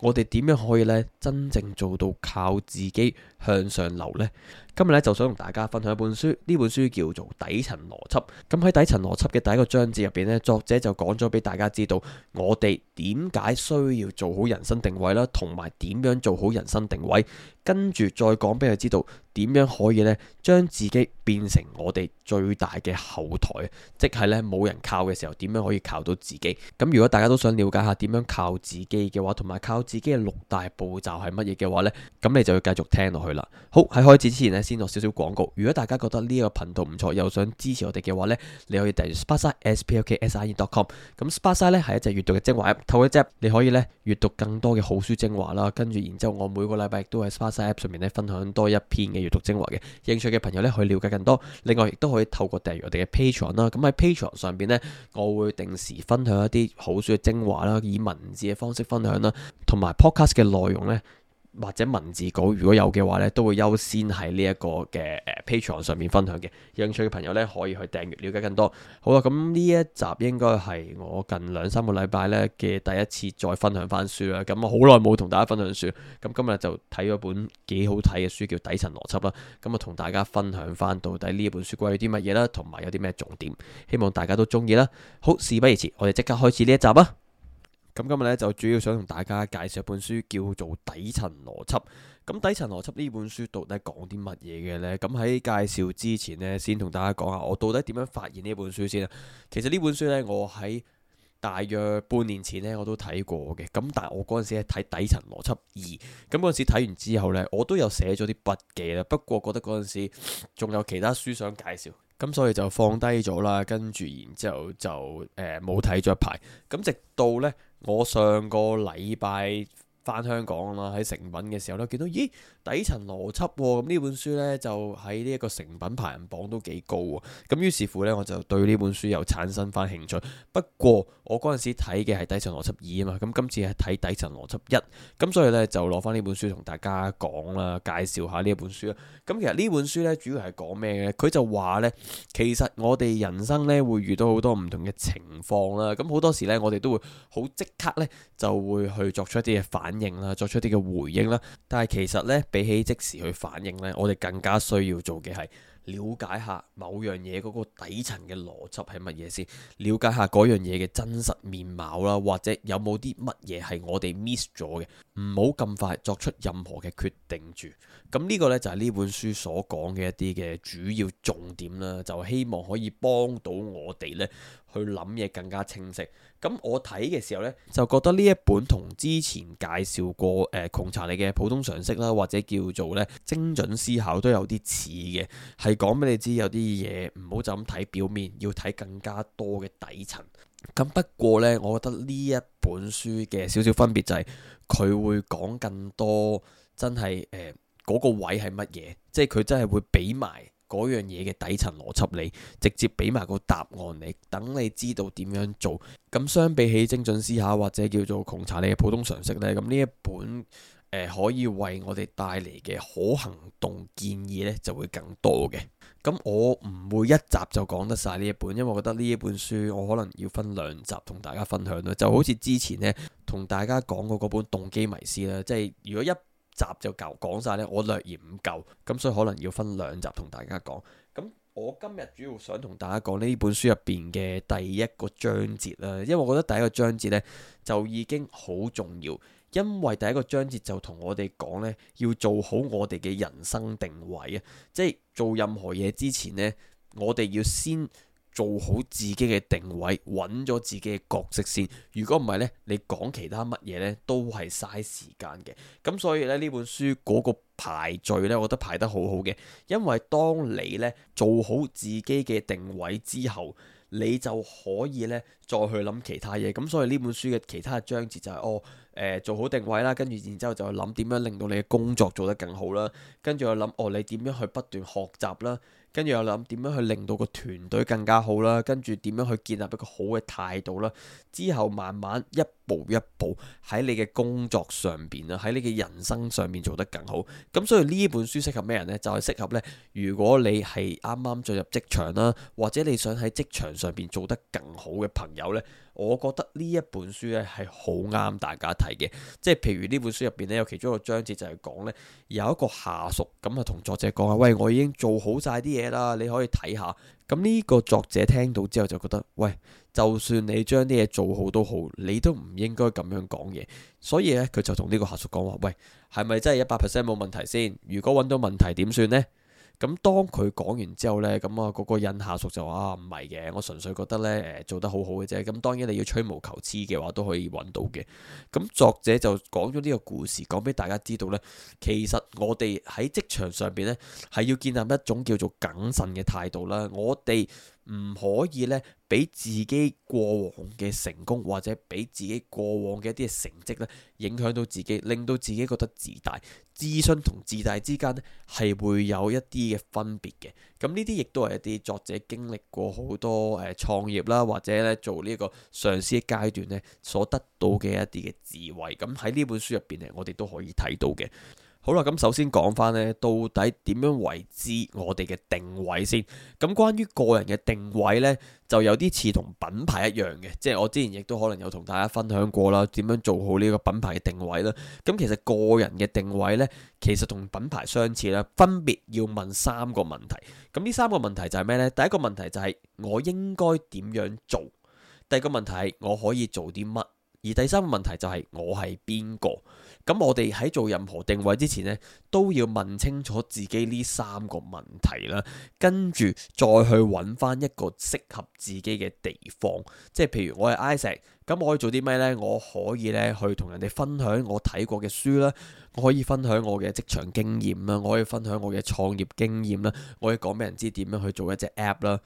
我哋點樣可以咧真正做到靠自己向上流呢？今日咧就想同大家分享一本書，呢本書叫做《底層邏輯》。咁喺《底層邏輯》嘅第一個章節入邊呢，作者就講咗俾大家知道我哋點解需要做好人生定位啦，同埋點樣做好人生定位。跟住再講俾佢知道點樣可以呢，將自己變成我哋最大嘅後台，即係呢，冇人靠嘅時候點樣可以靠到自己。咁如果大家都想了解下點樣靠自己嘅話，同埋靠自己嘅六大步驟係乜嘢嘅話呢？咁你就要繼續聽落去啦。好，喺開始之前呢，先落少少廣告。如果大家覺得呢個頻道唔錯，又想支持我哋嘅話呢，你可以訂閱 Sparksine，sparksine.com 咁 Sparksine 呢係一隻閲讀嘅精華 App，透過一隻你可以呢閲讀更多嘅好書精華啦。跟住然之後，我每個禮拜都喺 Sparksine App 上面呢分享多一篇嘅閲讀精華嘅。興趣嘅朋友呢，可以了解更多。另外亦都可以透過訂閱我哋嘅 Patreon 啦。咁喺 Patreon 上邊呢，我會定時分享一啲好書嘅精華啦，以文字嘅方式分享啦，同同埋 Podcast 嘅內容呢，或者文字稿如果有嘅話呢，都會優先喺呢一個嘅誒 Patreon 上面分享嘅。有興趣嘅朋友呢，可以去訂閱了解更多。好啦，咁呢一集應該係我近兩三個禮拜呢嘅第一次再分享翻書啦。咁我好耐冇同大家分享書，咁今日就睇咗本幾好睇嘅書，叫《底層邏輯》啦。咁啊，同大家分享翻到底呢一本書關於啲乜嘢啦，同埋有啲咩重點，希望大家都中意啦。好，事不宜遲，我哋即刻開始呢一集啊！咁今日咧就主要想同大家介紹一本書叫做《底層邏輯》。咁《底層邏輯》呢本書到底講啲乜嘢嘅呢？咁喺介紹之前呢，先同大家講下我到底點樣發現呢本書先啊。其實呢本書呢，我喺大約半年前呢，我都睇過嘅。咁但係我嗰陣時係睇《底層邏輯二》，咁嗰陣時睇完之後呢，我都有寫咗啲筆記啦。不過覺得嗰陣時仲有其他書想介紹。咁所以就放低咗啦，跟住然之後就誒冇睇咗一排。咁直到呢，我上個禮拜翻香港啦，喺誠品嘅時候呢，見到咦～底層邏輯喎，哦，咁呢本書呢，就喺呢一個成品排行榜都幾高喎，咁於是乎呢，我就對呢本書又產生翻興趣。不過我嗰陣時睇嘅係《底層邏輯二》啊嘛，咁今次係睇《底層邏輯一》，咁所以呢，就攞翻呢本書同大家講啦，介紹下呢一本書啦。咁其實呢本書呢，主要係講咩呢？佢就話呢，其實我哋人生呢，會遇到好多唔同嘅情況啦，咁好多時呢，我哋都會好即刻呢，就會去作出一啲嘅反應啦，作出一啲嘅回應啦，但係其實呢，比起即時去反應呢，我哋更加需要做嘅係了解下某樣嘢嗰個底層嘅邏輯係乜嘢先，了解下嗰樣嘢嘅真實面貌啦，或者有冇啲乜嘢係我哋 miss 咗嘅，唔好咁快作出任何嘅決定住。咁呢個呢，就係呢本書所講嘅一啲嘅主要重點啦，就希望可以幫到我哋呢，去諗嘢更加清晰，咁我睇嘅時候呢，就覺得呢一本同之前介紹過誒窮查理嘅普通常識啦，或者叫做呢精準思考都有啲似嘅，係講俾你知有啲嘢唔好就咁睇表面，要睇更加多嘅底層。咁不過呢，我覺得呢一本書嘅少少分別就係，佢會講更多真係呃，嗰個位係乜嘢，即係佢真係會俾埋。嗰樣嘢嘅底層邏輯你，你直接俾埋個答案你，等你知道點樣做。咁相比起精準思考或者叫做窮查理嘅普通常識呢，咁呢一本、呃、可以為我哋帶嚟嘅可行動建議呢，就會更多嘅。咁我唔會一集就講得晒呢一本，因為我覺得呢一本書我可能要分兩集同大家分享啦。就好似之前呢同大家講過嗰本《動機迷思》啦，即係如果一集就夠講講晒咧，我略而唔夠，咁所以可能要分兩集同大家講。咁我今日主要想同大家講呢本書入邊嘅第一個章節啦，因為我覺得第一個章節呢就已經好重要，因為第一個章節就同我哋講呢要做好我哋嘅人生定位啊，即係做任何嘢之前呢，我哋要先。做好自己嘅定位，揾咗自己嘅角色先。如果唔係呢，你講其他乜嘢呢都係嘥時間嘅。咁所以咧呢本書嗰個排序呢，我覺得排得好好嘅。因為當你呢做好自己嘅定位之後，你就可以呢再去諗其他嘢。咁所以呢本書嘅其他嘅章節就係、是、哦、呃，做好定位啦，跟住然之後就去諗點樣令到你嘅工作做得更好啦，跟住我諗哦，你點樣去不斷學習啦。跟住我諗點樣去令到個團隊更加好啦，跟住點樣去建立一個好嘅態度啦，之後慢慢一步一步喺你嘅工作上邊啊，喺你嘅人生上面做得更好。咁所以呢本書適合咩人呢？就係適合呢：如果你係啱啱進入職場啦，或者你想喺職場上邊做得更好嘅朋友呢。我覺得呢一本書咧係好啱大家睇嘅，即係譬如呢本書入邊咧有其中一個章節就係講呢有一個下屬咁啊同作者講啊，喂，我已經做好晒啲嘢啦，你可以睇下。咁呢個作者聽到之後就覺得，喂，就算你將啲嘢做好都好，你都唔應該咁樣講嘢。所以呢，佢就同呢個下屬講話，喂，係咪真係一百 percent 冇問題先？如果揾到問題點算呢？咁當佢講完之後呢，咁、那個、啊嗰個印下屬就話唔係嘅，我純粹覺得呢，誒、呃、做得好好嘅啫。咁當然你要吹毛求疵嘅話，都可以揾到嘅。咁作者就講咗呢個故事，講俾大家知道呢，其實我哋喺職場上邊呢，係要建立一種叫做謹慎嘅態度啦。我哋唔可以咧，俾自己過往嘅成功或者俾自己過往嘅一啲成績呢，影響到自己，令到自己覺得自大。自信同自大之間呢，係會有一啲嘅分別嘅。咁呢啲亦都係一啲作者經歷過好多誒創業啦，或者咧做呢一個上司嘅階段呢，所得到嘅一啲嘅智慧。咁喺呢本書入邊呢，我哋都可以睇到嘅。好啦，咁首先講翻咧，到底點樣為之我哋嘅定位先？咁關於個人嘅定位咧，就有啲似同品牌一樣嘅，即係我之前亦都可能有同大家分享過啦，點樣做好呢個品牌嘅定位啦？咁其實個人嘅定位咧，其實同品牌相似啦，分別要問三個問題。咁呢三個問題就係咩咧？第一個問題就係我應該點樣做？第二個問題係我可以做啲乜？而第三個問題就係我係邊個？咁我哋喺做任何定位之前呢，都要問清楚自己呢三個問題啦，跟住再去揾翻一個適合自己嘅地方。即係譬如我係 Isaac，咁我可以做啲咩呢？我可以呢去同人哋分享我睇過嘅書啦，我可以分享我嘅職場經驗啦，我可以分享我嘅創業經驗啦，我可以講俾人知點樣去做一隻 App 啦。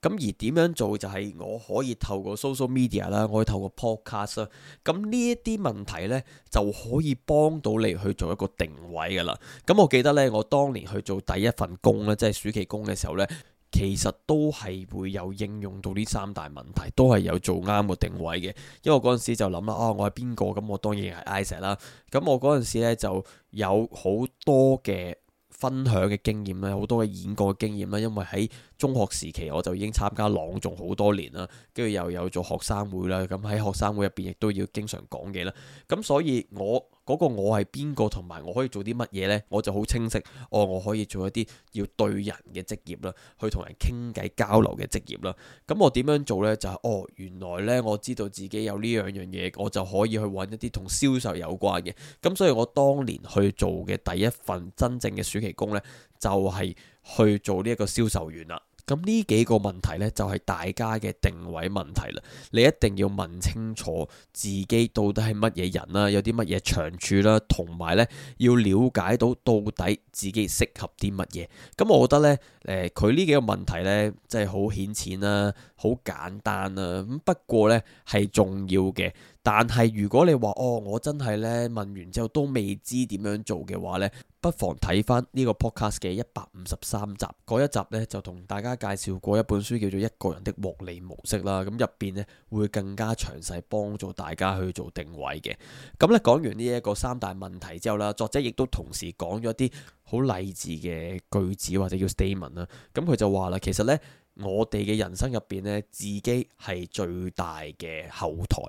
咁而點樣做就係、是、我可以透過 social media 啦，我可以透過 podcast 啦。咁呢一啲問題呢，就可以幫到你去做一個定位噶啦。咁我記得呢，我當年去做第一份工呢，即係暑期工嘅時候呢，其實都係會有應用到呢三大問題，都係有做啱個定位嘅。因為嗰陣時就諗啦，啊我係邊個？咁我當然係 Isaac 啦。咁我嗰陣時咧就有好多嘅。分享嘅經驗啦，好多嘅演講嘅經驗啦，因為喺中學時期我就已經參加朗誦好多年啦，跟住又有做學生會啦，咁喺學生會入邊亦都要經常講嘢啦，咁所以我。嗰個我係邊個，同埋我可以做啲乜嘢呢？我就好清晰，哦，我可以做一啲要對人嘅職業啦，去同人傾偈交流嘅職業啦。咁我點樣做呢？就係哦，原來呢，我知道自己有呢兩樣嘢，我就可以去揾一啲同銷售有關嘅。咁所以我當年去做嘅第一份真正嘅暑期工呢，就係去做呢一個銷售員啦。咁呢幾個問題呢，就係大家嘅定位問題啦。你一定要問清楚自己到底係乜嘢人啦，有啲乜嘢長處啦，同埋呢要了解到到底自己適合啲乜嘢。咁、嗯、我覺得呢，誒佢呢幾個問題呢，真係好顯淺啦，好簡單啦、啊。咁不過呢，係重要嘅。但係如果你話哦，我真係咧，問完之後都未知點樣做嘅話呢，不妨睇翻呢個 podcast 嘅一百五十三集嗰一集呢，就同大家介紹過一本書叫做《一個人的獲利模式》啦。咁入邊呢，會更加詳細幫助大家去做定位嘅。咁咧講完呢一個三大問題之後啦，作者亦都同時講咗啲好勵志嘅句子或者叫 statement 啦。咁佢就話啦，其實呢，我哋嘅人生入邊呢，自己係最大嘅後台。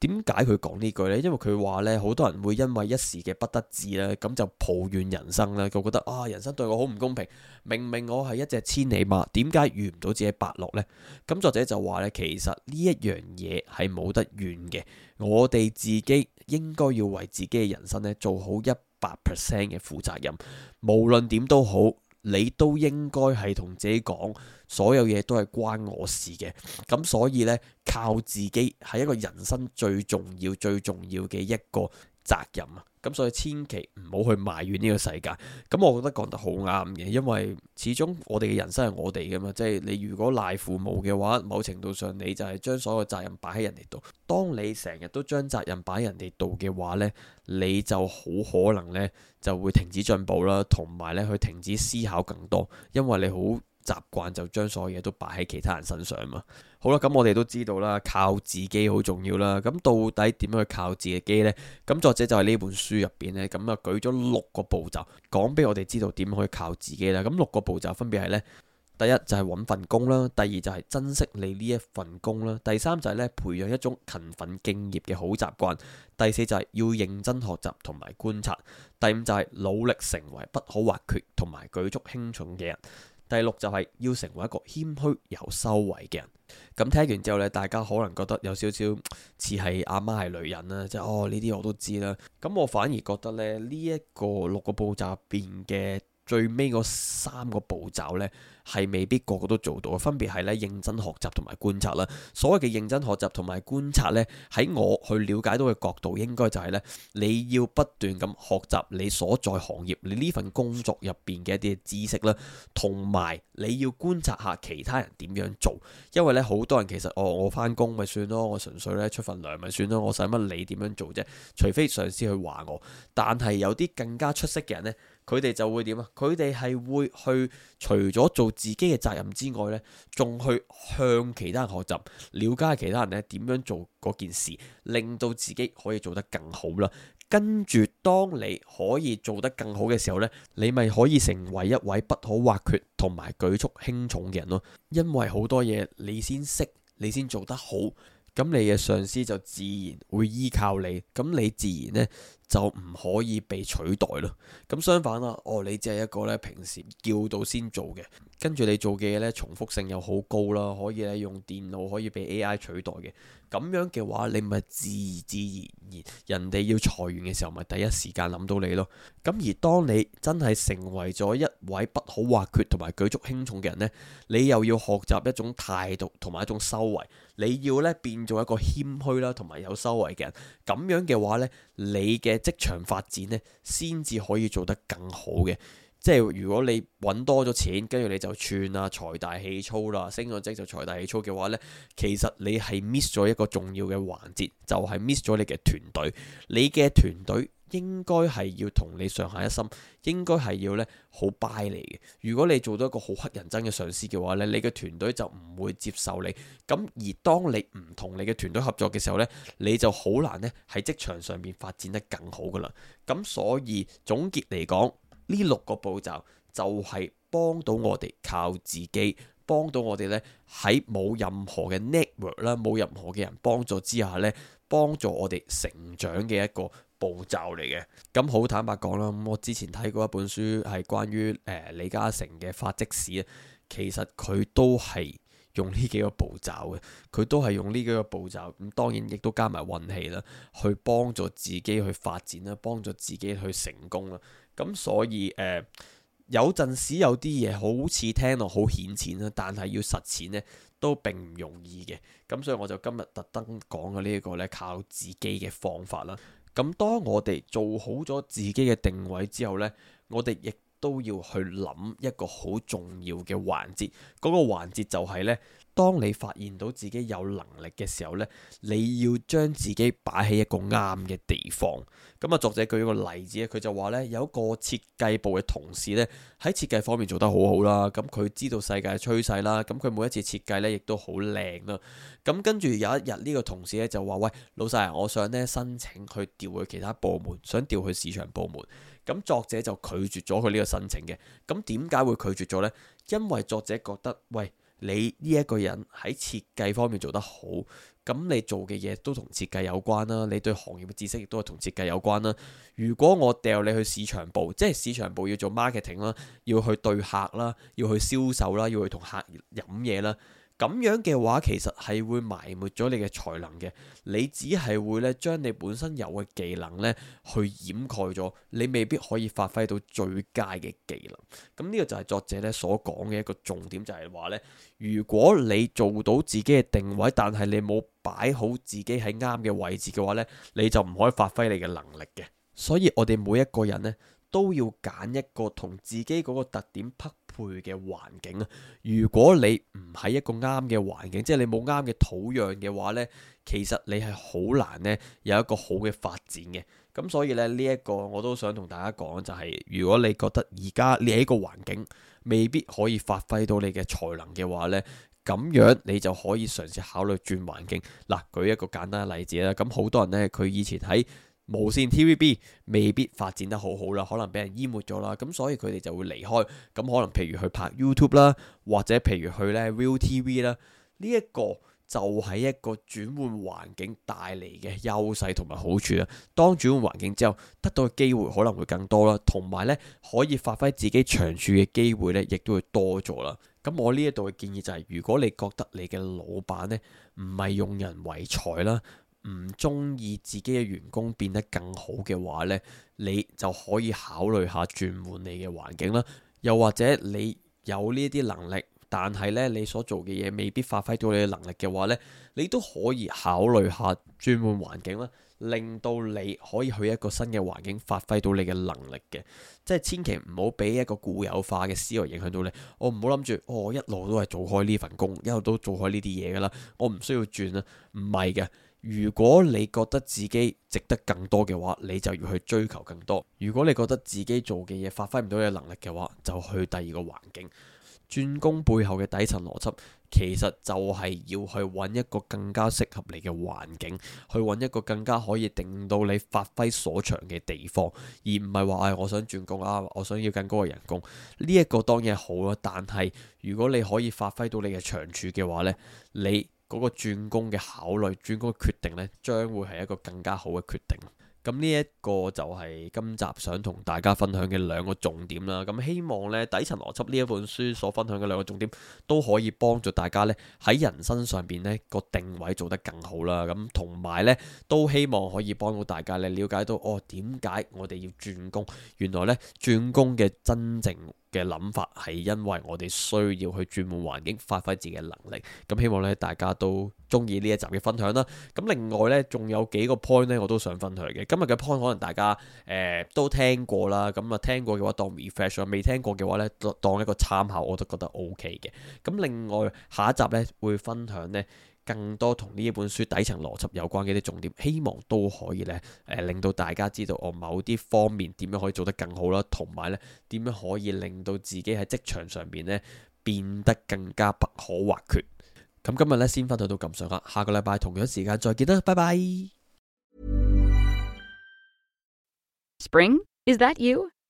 點解佢講呢句呢？因為佢話呢，好多人會因為一時嘅不得志咧，咁就抱怨人生咧。佢覺得：「啊，人生對我好唔公平。明明我係一隻千里馬，點解遇唔到自己伯樂呢？」咁作者就話呢，其實呢一樣嘢係冇得怨嘅。我哋自己應該要為自己嘅人生呢，做好一百 percent 嘅負責任，無論點都好。你都應該係同自己講，所有嘢都係關我的事嘅。咁所以呢，靠自己係一個人生最重要、最重要嘅一個。責任啊，咁所以千祈唔好去埋怨呢個世界。咁我覺得講得好啱嘅，因為始終我哋嘅人生係我哋噶嘛，即係你如果賴父母嘅話，某程度上你就係將所有責任擺喺人哋度。當你成日都將責任擺喺人哋度嘅話呢，你就好可能呢就會停止進步啦，同埋呢去停止思考更多，因為你好。習慣就將所有嘢都擺喺其他人身上嘛。好啦，咁我哋都知道啦，靠自己好重要啦。咁到底點樣去靠自己呢？咁作者就係呢本書入邊呢，咁啊舉咗六個步驟講俾我哋知道點樣可以靠自己啦。咁六個步驟分別係呢：第一就係揾份工啦，第二就係珍惜你呢一份工啦，第三就係呢培養一種勤奮敬業嘅好習慣，第四就係要認真學習同埋觀察，第五就係努力成為不可或缺同埋舉足輕重嘅人。第六就係要成為一個謙虛有修為嘅人。咁聽完之後呢，大家可能覺得有少少似係阿媽係女人啦，即係哦呢啲我都知啦。咁我反而覺得咧呢一個六個步驟入邊嘅。最尾嗰三個步驟呢，係未必個個都做到嘅。分別係呢，認真學習同埋觀察啦。所謂嘅認真學習同埋觀察呢，喺我去了解到嘅角度，應該就係呢：你要不斷咁學習你所在行業、你呢份工作入邊嘅一啲知識啦，同埋你要觀察下其他人點樣做。因為呢，好多人其實哦，我翻工咪算咯，我純粹呢出份糧咪算咯，我使乜你點樣做啫？除非上司去話我，但係有啲更加出色嘅人呢。佢哋就會點啊？佢哋係會去除咗做自己嘅責任之外呢，仲去向其他人學習，了解其他人呢，點樣做嗰件事，令到自己可以做得更好啦。跟住當你可以做得更好嘅時候呢，你咪可以成為一位不可或缺同埋舉足輕重嘅人咯。因為好多嘢你先識，你先做得好，咁你嘅上司就自然會依靠你，咁你自然呢。就唔可以被取代咯。咁相反啦，哦，你只係一個咧，平時叫到先做嘅，跟住你做嘅嘢咧，重複性又好高啦，可以咧用電腦可以被 AI 取代嘅。咁樣嘅話，你咪自自然然，人哋要裁員嘅時候，咪第一時間諗到你咯。咁而當你真係成為咗一位不可或缺同埋舉足輕重嘅人咧，你又要學習一種態度同埋一種修為，你要咧變做一個謙虛啦同埋有修為嘅人。咁樣嘅話咧，你嘅職場發展咧，先至可以做得更好嘅。即係如果你揾多咗錢，跟住你就串啦，財大氣粗啦，升咗職就財大氣粗嘅話呢，其實你係 miss 咗一個重要嘅環節，就係 miss 咗你嘅團隊。你嘅團隊。應該係要同你上下一心，應該係要呢好 buy 你嘅。如果你做到一個好乞人憎嘅上司嘅話呢，你嘅團隊就唔會接受你。咁而當你唔同你嘅團隊合作嘅時候呢，你就好難呢喺職場上面發展得更好㗎啦。咁所以總結嚟講，呢六個步驟就係幫到我哋靠自己，幫到我哋呢喺冇任何嘅 network 啦，冇任何嘅人幫助之下呢幫助我哋成長嘅一個。步驟嚟嘅，咁好坦白講啦。咁我之前睇過一本書係關於、呃、李嘉誠嘅發跡史，其實佢都係用呢幾個步驟嘅，佢都係用呢幾個步驟。咁當然亦都加埋運氣啦，去幫助自己去發展啦，幫助自己去成功啦。咁所以誒、呃、有陣時有啲嘢好似聽落好顯淺啦，但係要實踐呢都並唔容易嘅。咁所以我就今日特登講嘅呢一個呢，靠自己嘅方法啦。咁當我哋做好咗自己嘅定位之後咧，我哋亦～都要去諗一個好重要嘅環節，嗰個環節就係呢：當你發現到自己有能力嘅時候呢，你要將自己擺喺一個啱嘅地方。咁啊，作者舉一個例子，佢就話呢：有一個設計部嘅同事呢，喺設計方面做得好好啦。咁佢知道世界嘅趨勢啦，咁佢每一次設計呢亦都好靚啦。咁跟住有一日呢個同事呢，就話：喂，老細，我想呢申請去調去其他部門，想調去市場部門。咁作者就拒絕咗佢呢個申請嘅。咁點解會拒絕咗呢？因為作者覺得，喂，你呢一個人喺設計方面做得好，咁你做嘅嘢都同設計有關啦。你對行業嘅知識亦都係同設計有關啦。如果我掉你去市場部，即係市場部要做 marketing 啦，要去對客啦，要去銷售啦，要去同客飲嘢啦。咁樣嘅話，其實係會埋沒咗你嘅才能嘅。你只係會咧將你本身有嘅技能咧去掩蓋咗，你未必可以發揮到最佳嘅技能。咁，嗯，呢個就係作者咧所講嘅一個重點就，就係話咧如果你做到自己嘅定位，但係你冇擺好自己喺啱嘅位置嘅話咧，你就唔可以發揮你嘅能力嘅。所以，我哋每一個人咧。都要揀一個同自己嗰個特點匹配嘅環境啊！如果你唔喺一個啱嘅環境，即係你冇啱嘅土壤嘅話呢，其實你係好難咧有一個好嘅發展嘅。咁所以咧呢一個我都想同大家講，就係，就係如果你覺得而家你喺個環境未必可以發揮到你嘅才能嘅話呢，咁樣你就可以嘗試考慮轉環境。嗱，舉一個簡單嘅例子啦，咁好多人呢，佢以前喺。無線 TVB 未必發展得好好啦，可能俾人淹沒咗啦，咁所以佢哋就會離開，咁可能譬如去拍 YouTube 啦，或者譬如去咧 ViuTV 啦，呢一個就係一個轉換環境帶嚟嘅優勢同埋好處啦，當轉換環境之後，得到嘅機會可能會更多啦，同埋咧可以發揮自己長處嘅機會咧，亦都會多咗啦。咁我呢一度嘅建議就係、是，如果你覺得你嘅老闆咧唔係用人唯才啦。唔中意自己嘅員工變得更好嘅話呢，你就可以考慮下轉換你嘅環境啦。又或者你有呢一啲能力，但係呢你所做嘅嘢未必發揮到你嘅能力嘅話呢，你都可以考慮下轉換環境啦，令到你可以去一個新嘅環境發揮到你嘅能力嘅。即係千祈唔好俾一個固有化嘅思維影響到你。我唔好諗住哦，我一路都係做開呢份工，一路都做開呢啲嘢噶啦。我唔需要轉啊，唔係嘅。如果你覺得自己值得更多嘅話，你就要去追求更多。如果你覺得自己做嘅嘢發揮唔到你能力嘅話，就去第二個環境轉工。背後嘅底層邏輯其實就係要去揾一個更加適合你嘅環境，去揾一個更加可以定到你發揮所長嘅地方，而唔係話誒我想轉工啊，我想要更高嘅人工。呢、這、一個當然好啦，但係如果你可以發揮到你嘅長處嘅話呢，你。嗰個轉工嘅考慮、轉工嘅決定呢，將會係一個更加好嘅決定。咁呢一個就係今集想同大家分享嘅兩個重點啦。咁希望呢，底層邏輯呢一本書所分享嘅兩個重點，都可以幫助大家呢，喺人生上邊呢個定位做得更好啦。咁同埋呢，都希望可以幫到大家呢，了解到哦，點解我哋要轉工，原來呢，轉工嘅真正。嘅諗法係因為我哋需要去轉換環境，發揮自己嘅能力。咁希望咧，大家都中意呢一集嘅分享啦。咁另外咧，仲有幾個 point 咧，我都想分享嘅。今日嘅 point 可能大家誒、呃、都聽過啦。咁、嗯、啊，聽過嘅話當 refresh，未聽過嘅話咧，當一個參考我都覺得 OK 嘅。咁另外下一集咧會分享呢。更多同呢一本書底層邏輯有關嘅啲重點，希望都可以呢、呃，令到大家知道我某啲方面點樣可以做得更好啦，同埋呢點樣可以令到自己喺職場上邊呢變得更加不可或缺。咁今日呢，先分享到咁上下。下個禮拜同樣時間再見啦，拜拜。